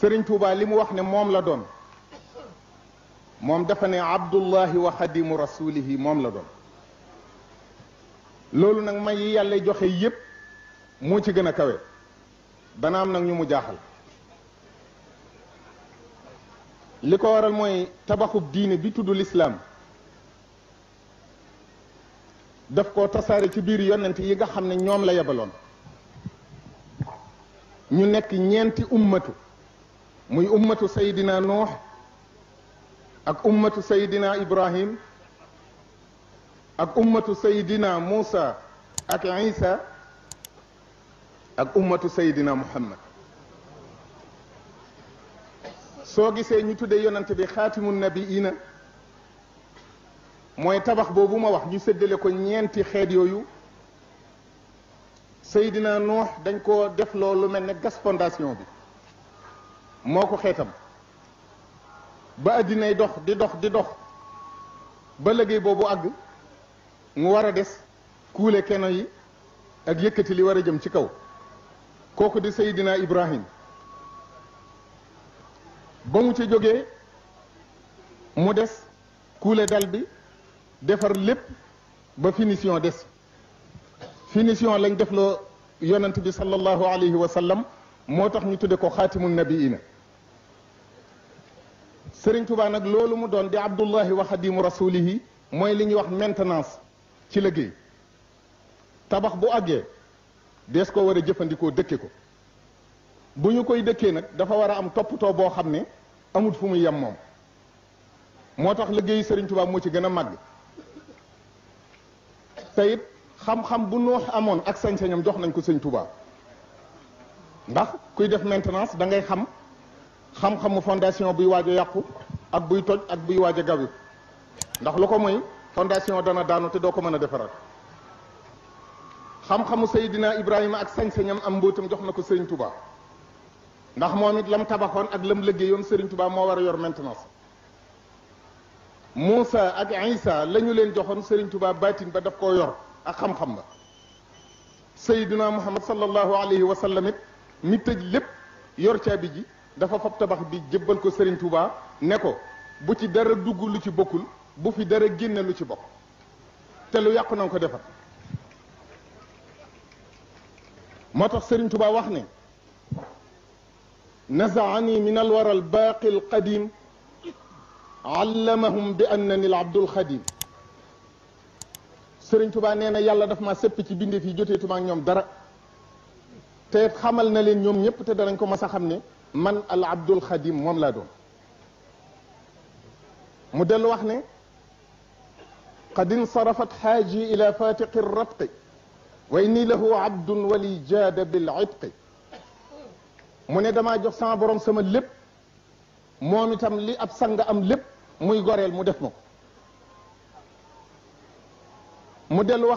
سرين توبا لم وحن موم لدون موم دفني عبد الله وخديم رسوله موم لدون لولو نك ماي يالله جوخي ييب مو تي كاوي دا نام نك ني مو جاخال ليكو وارال موي تباخو الدين بي تودو الاسلام داف كو تساري تي بير يوننتي ييغا خامني نيوم لا يابالون ني نيك نينتي امتو muy ummatu seydina nuux ak ummatu saydina ibrahim ak ummatu saydina muusa ak isa ak ummatu saydina muhammad soo gisee ñu tudde yonante bi xaatimu nabiina mooy tabax boobu ma wax ñu séddale ko ñeenti xeet yooyu seydina nuux dañ ko def loolu mel ne gas fondation bi moo ko xeetam ba addinay dox di dox di dox ba liggéey boobu àgg mu war a des kuule keno yi ak yëkkati li war a jëm ci kaw kooku di Seydina Ibrahim ba mu ci jógee mu des kuule dal bi defar lépp ba finition des finition lañ def loo yonent bi sallallahu alayhi wa sallam moo tax ñu tudde ko xaatimun nabiina sëriñ Touba nag loolu mu doon di abdullahi wa xadimu rasulihi mooy li ñuy wax maintenance ci liggéey tabax bu àggee dees koo war a jëfandikoo dëkke ko bu ñu koy dëkkee nag dafa war a am toppatoo boo xam ne amul fu mu yem moom moo tax liggéeyu sëriñ Touba moo ci gën a màgg te it xam-xam bu noox amoon ak sañ-sañam jox nañ ko sëriñ Touba ndax kuy def maintenance da ngay xam xam-xamu fondation buy waaj a ak buy toj ak buy waaj gawi ndax lu ko fondation dana daanu te doo ko mën a xam-xamu Seydina ibrahim ak sañ-sañam am mbóotam jox nako Serigne Touba ndax momit lam tabaxone ak lam liggéeyoon Serigne Touba mo wara yor maintenance musa ak Isa lañu len joxone Serigne Touba batine ba daf ko yor ak xam-xam ba Seydina Muhammad sallallahu alayhi wa sallam it tëj lépp yor ci abiji dafa fab tabax bi jébbal ko Serigne Touba ne ko bu ci dara dugg lu ci bokul bu fi dara génne lu ci bokk te lu yàqu na ko defar moo tax Serigne Touba wax ne nazaani min alwara albaqi alqadim allamahum bi annani alabdul xadim Serigne Touba nee na yàlla daf ma sepp ci bindeef yi joteetuma ak ñoom dara te xamal na leen ñoom ñëpp te danañ ko mas a xam ne من العبد abdul khadim mom la doon mu قد انصرفت حاجي إلى فاتق الربق وإني له عبد ولي جاد بالعتق من دما جوخ سان بروم سما لب موميتام لي اب سانغا ام لب موي غوريل مو ديف مكو مو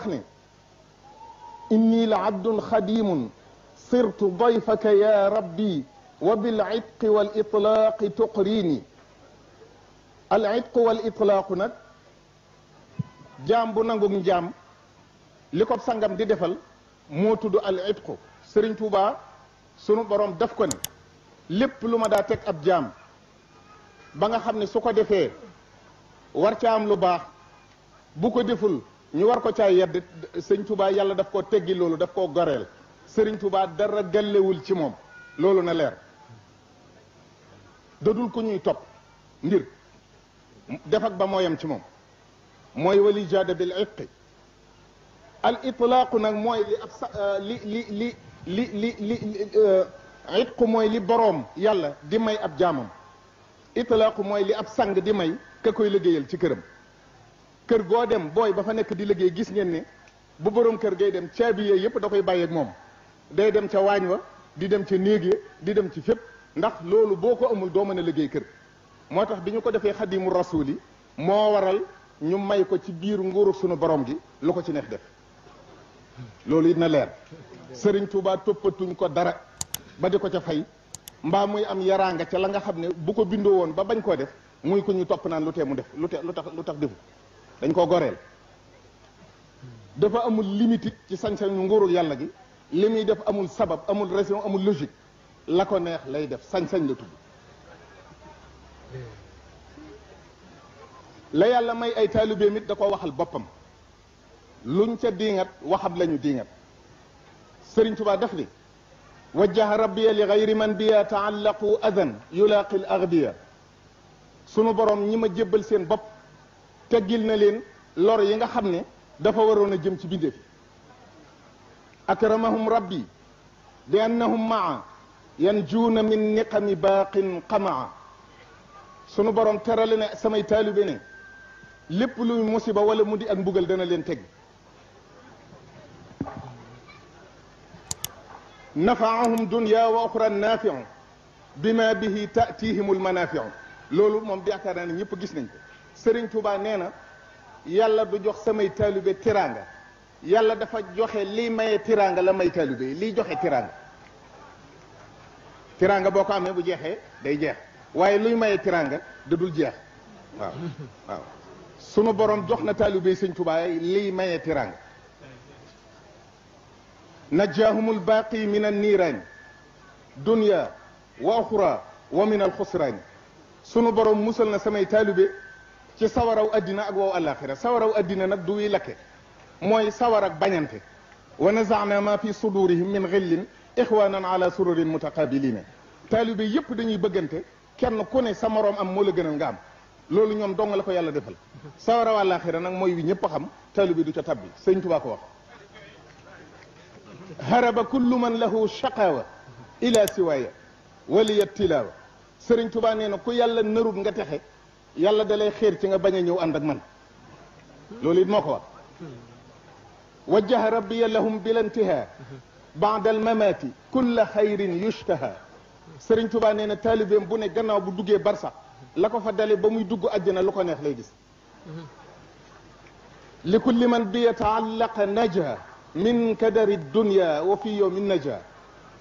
اني لعبد خديم صرت ضيفك يا ربي wa bil itqi wal itlaaqi tuqriini al itqu wal itlaaqu nag jaam bu nangum njaam li ko sangam di defal moo tudd al itqu sëriñ Tuubaa sunu borom daf ko ne lépp lu ma daa teg ab jaam ba nga xam ne su ko defee war ca am lu baax bu ko deful ñu war ko caa yedd sëñ Tuubaa yàlla daf koo teggi loolu daf koo goreel sëriñ Tuubaa dara gàllewul ci moom loolu na leer dadul ku ñuy topp ngir def ak ba mooyam ci moom mooy wali jaada bil al itlaaqu nag mooy li ab euh, li li li li li li euh, iqu mooy li boroom yàlla di may ab jaamam itlaaqu mooy li ab sang di may ka koy liggéeyal ci këram kër goo dem booy ba fa nekk di liggéey gis ngeen ni bu boroom kër gay dem caabi yooyu yëpp da koy bàyyeeg moom day dem ca waañ wa di dem ca néeg ya di dem ci fépp ndax loolu boo ko amul doo mën liggéey kër moo tax bi ñu ko defee mu rasul yi moo waral ñu may ko ci biir nguuru sunu borom gi lu ko ci neex def loolu it na leer sëriñ Tuubaa toppatuñ ko dara ba di ko ca fay mbaa muy am yaraanga ca la nga xam ne bu ko bindoo woon ba bañ koo def muy ko ñu topp naan lu tee mu def lu lu tax lu tax defu dañ koo goreel dafa amul limite ci sañ-sañu nguurul yàlla gi li muy def amul sabab amul raison amul logique la ko neex lay def sañ-sañ la tudd la yàlla may ay taalibeem it da ko waxal boppam luñ ca diingat waxam lañu diingat sëriñ Tuubaa def ni wajjaha rabbiya li gayri man biya taallaqu adan yulaaqi l agbiya sunu borom ñi ma jébbal seen bopp teggil na leen lor yi nga xam ne dafa waroon a jëm ci bindéef akramahum rabbi bi annahum maa ينجون من نقم باق قمع سونو بروم تيرال نه ساماي طالبي نه ليپ لوي مصيبه ولا مودي اك مبوغل دانا لين تيغ نفعهم دنيا واخرى نافع بما به تاتيهم المنافع لولو موم بياكار نه نييب غيس نين سيرين توبا نينا يالا دو جوخ ساماي طالبي تيرانغا يالا دا فا جوخي لي ماي تيرانغا لا ماي طالبي لي جوخي تيرانغا tiranga boko amé bu jéxé day jéx waye luy maye tiranga da dul jéx waaw waaw sunu borom joxna talibé seigne touba Tuubaa liy maye tiranga najjaahum albaaqi min an-niran dunya wa akhra wa min al-khusran sunu borom musal na samay talibé ci sawaraw adina ak waw alaxira sawaraw adina nak du wi laké moy sawar ak bañante wa nazaana ma fi sudurihim min ghillin إخوانا على سرور متقابلين طالب يب دي بغنتي كين كون سا موروم ام مولا غنن غام لولو نيوم دونغ لاكو يالا ديفال ساورا والاخيرا نك موي وي نيپ خام طالب دو تا تابي سيغ توبا كو هرب كل من له شقاوة الى سوايا ولي التلاوة سيغ توبا نينا كو يالا نروب nga texe يالا دالاي خير تي nga باغا نيو اندك مان لولي مكو وجه ربي لهم بلا انتهاء بعد الممات كل خير يشتهى سيرن توبا نينا طالبين بو ني غناو بو دوجي بارسا لاكو فا دالي باموي دوجو ادنا لوكو نيه لاي غيس لكل من بيتعلق نجا من كدر الدنيا وفي يوم النجا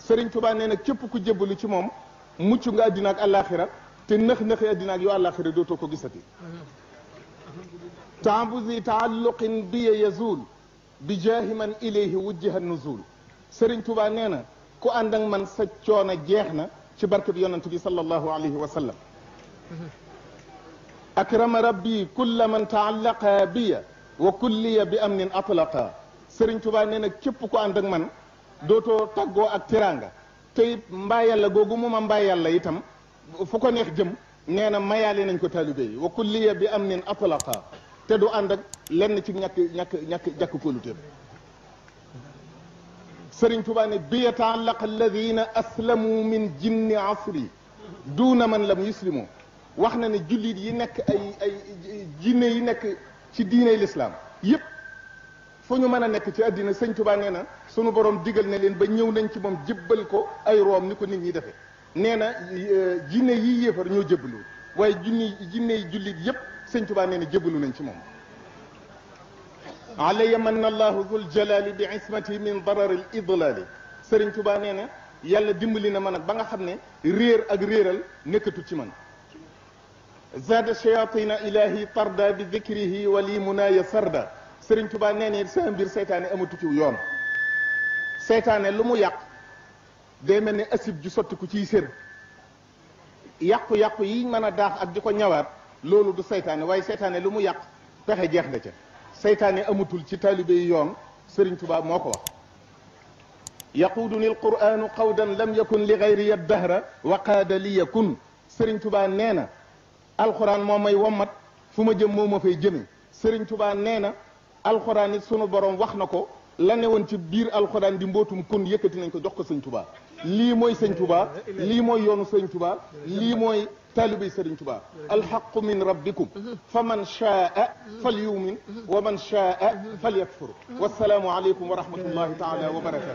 سيرن توبا نينا كيب كو جيبلو تي موم موتشو غا ادنا اك الاخره تي نخ نخ ادنا اك يو الاخره دوتو كو غيساتي تعبذي تعلق بي يزول بجاه من اليه وجه النزول Serigne Touba nee na ku ànd man sa coono jeex na ci barkeb yonent bi sallallahu alayhi wa sallam akrama rabbi kulla man taallaqa biya wa kulliya bi amnin atlaqa Serigne Touba nee na képp ku ànd ak man dootoo taggoo ak teraanga tey mbaa yàlla googu mu ma mbaa yàlla itam fu ko neex jëm nee na mayaale nañ ko taalibe yi wa kulliya bi amnin atlaqa te du ànd ak lenn ci ñàkk ñàkk ñàkk jàkk سرين توبا ني بيتعلق الذين اسلموا من جن عصري دون من لم يسلموا واخنا ني جوليت ينك اي اي جن يي نك سي دين الاسلام ييب فونو مانا نك سي ادينا سرين توبا نينا سونو بروم ديغال نلين با نييو نان سي موم جيبال كو اي روم نيكو نيت ني دافي نينا جن يي ييفر نيو جيبلو واي جن جن جوليت سرين توبا نينا جيبلو نان علي من الله ذو الجلال بعصمته من ضرر الاضلال سيرن توبا نينا يالا ديمبلينا مانا باغا خامني رير اك ريرال نيكاتو تي مان زاد الشياطين الهي طردا بذكره ولي منايا سردا سيرن توبا نينا سام بير سيطان اموتو تي يون سيطان لومو ياق دي ملني اسيب جو سوتكو تي سير ياقو ياقو يي مانا داخ اك ديكو نيوار لولو دو سيطان واي سيطان لومو ياق فخه جيخ نتا سيتاني أمتل كتالي بيوم سرين تبا موكوة يقودني القرآن قودا لم يكن لغيري الدهر وقاد لي يكون سرين تبا نينا القرآن مومي ومت فما جمو في جمي سرين تبا نينا القرآن سنو بروم وخنكو لن يونتي بير القرآن دي موتو مكون يكتنين كدوكو سرين تبا lii mooy sëñ Tuba lii mooy yoonu sëñ Tuba lii mooy taalibi sëriñ Tuba alxaqu min rabbikum fa man shaa fal yumin wa man shaa fal yakfur wassalaamu aleykum wa rahmatullahi taala wa barakatu